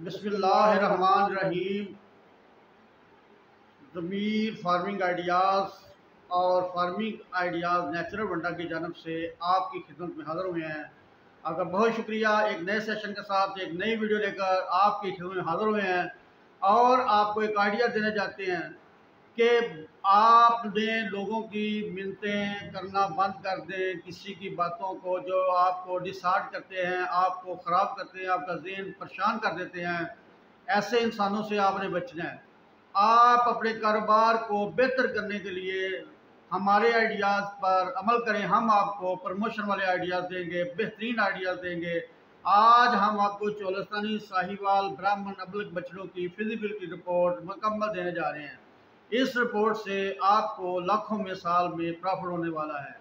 बसमान Rahim Zameer farming ideas और farming ideas natural वंडा की जानब से आपकी खिदमत में हाज़िर हुए हैं आपका बहुत शुक्रिया एक नए सेशन के साथ एक नई वीडियो लेकर आपकी खिदमत में हाज़िर हुए हैं और आपको एक आइडिया देना चाहते हैं कि आपने लोगों की मिलतें करना बंद कर दें किसी की बातों को जो आपको डिसार्ड करते हैं आपको ख़राब करते हैं आपका जहन परेशान कर देते हैं ऐसे इंसानों से आपने बचना है आप अपने कारोबार को बेहतर करने के लिए हमारे आइडियाज़ पर अमल करें हम आपको प्रमोशन वाले आइडियाज़ देंगे बेहतरीन आइडियाज़ देंगे आज हम आपको चौलस्तानी साहिवाल ब्राह्मण अबलग बच्चों की फिजिकल की रिपोर्ट मुकम्मल देने जा रहे हैं इस रिपोर्ट से आपको लाखों में साल में प्रॉफिट होने वाला है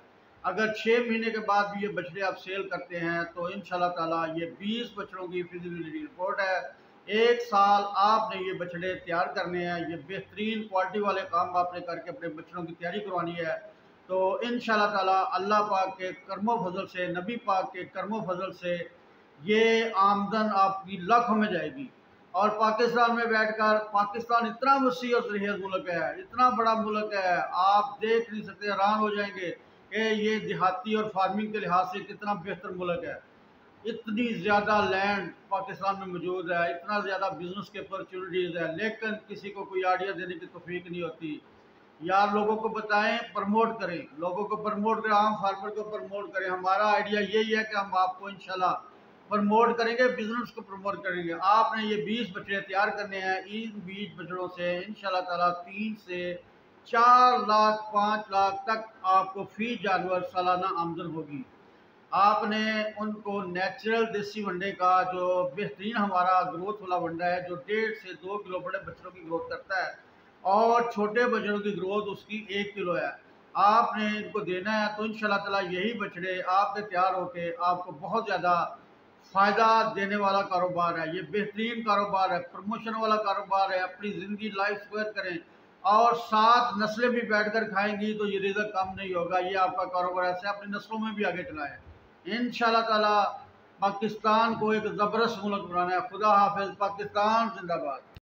अगर छः महीने के बाद भी ये बछड़े आप सेल करते हैं तो इन ताला ये बीस बछड़ों की फिजिबिलिटी रिपोर्ट है एक साल आपने ये बछड़े तैयार करने हैं ये बेहतरीन क्वालिटी वाले काम आपने करके अपने बछड़ों की तैयारी करवानी है तो इन ताला अल्लाह पाक के कर्मो फजल से नबी पाक के कर्मो फजल से ये आमदन आपकी लाखों में जाएगी और पाकिस्तान में बैठकर पाकिस्तान इतना वसी और सरीहद मुल्क है इतना बड़ा मुल्क है आप देख नहीं सकते हैरान हो जाएंगे कि ये देहाती और फार्मिंग के लिहाज से कितना बेहतर मुल्क है इतनी ज़्यादा लैंड पाकिस्तान में मौजूद है इतना ज़्यादा बिजनेस के अपॉर्चुनिटीज़ है लेकिन किसी को कोई आइडिया देने की तफीक नहीं होती यार लोगों को बताएं प्रमोट करें लोगों को प्रमोट करें आम फार्मर को प्रमोट करें हमारा आइडिया यही है कि हम आपको इंशाल्लाह प्रमोट करेंगे बिजनेस को प्रमोट करेंगे आपने ये बीस बछड़े तैयार करने हैं इन बीस बछड़ों से इन ताला तीन से चार लाख पाँच लाख तक आपको फी जानवर सालाना आमदन होगी आपने उनको नेचुरल देसी वंडे का जो बेहतरीन हमारा ग्रोथ वाला वंडा है जो डेढ़ से दो किलो बड़े बच्चों की ग्रोथ करता है और छोटे बछड़ों की ग्रोथ उसकी एक किलो है आपने इनको देना है तो इन ताला यही बछड़े आपके तैयार होके आपको बहुत ज़्यादा फ़ायदा देने वाला कारोबार है ये बेहतरीन कारोबार है प्रमोशन वाला कारोबार है अपनी ज़िंदगी लाइफ स्क्वायर करें और सात नस्लें भी बैठ कर खाएंगी तो ये रिजल्ट कम नहीं होगा ये आपका कारोबार ऐसे अपनी नस्लों में भी आगे चलाएं इन ताला पाकिस्तान को एक ज़बरदस्त मुल्क बनाना है खुदा हाफिज़ पाकिस्तान जिंदाबाद